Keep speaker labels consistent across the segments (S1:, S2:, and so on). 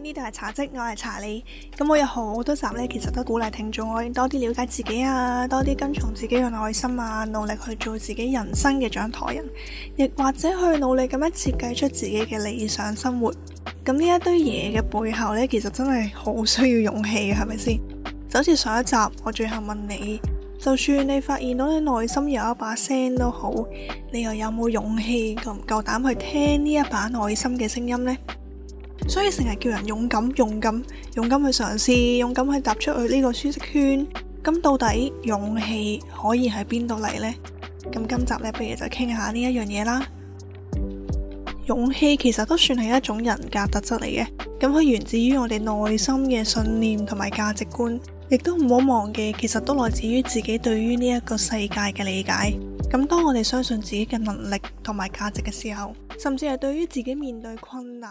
S1: 呢度係茶嘖，我係查理。咁我有好多集呢，其實都鼓勵聽眾可以多啲了解自己啊，多啲跟從自己嘅內心啊，努力去做自己人生嘅掌舵人，亦或者去努力咁樣設計出自己嘅理想生活。咁呢一堆嘢嘅背後呢，其實真係好需要勇氣，係咪先？就好似上一集，我最後問你，就算你發現到你內心有一把聲都好，你又有冇勇氣夠唔夠膽去聽呢一把內心嘅聲音呢？所以成日叫人勇敢、勇敢、勇敢去嘗試，勇敢去踏出去呢個舒適圈。咁到底勇氣可以喺邊度嚟呢？咁今集咧，不如就傾下呢一樣嘢啦。勇氣其實都算係一種人格特質嚟嘅，咁佢源自於我哋內心嘅信念同埋價值觀，亦都唔好忘記，其實都來自於自己對於呢一個世界嘅理解。咁當我哋相信自己嘅能力同埋價值嘅時候，甚至係對於自己面對困難。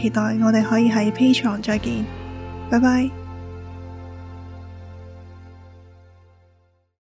S1: 期待我哋可以喺 Patreon 再見，拜拜。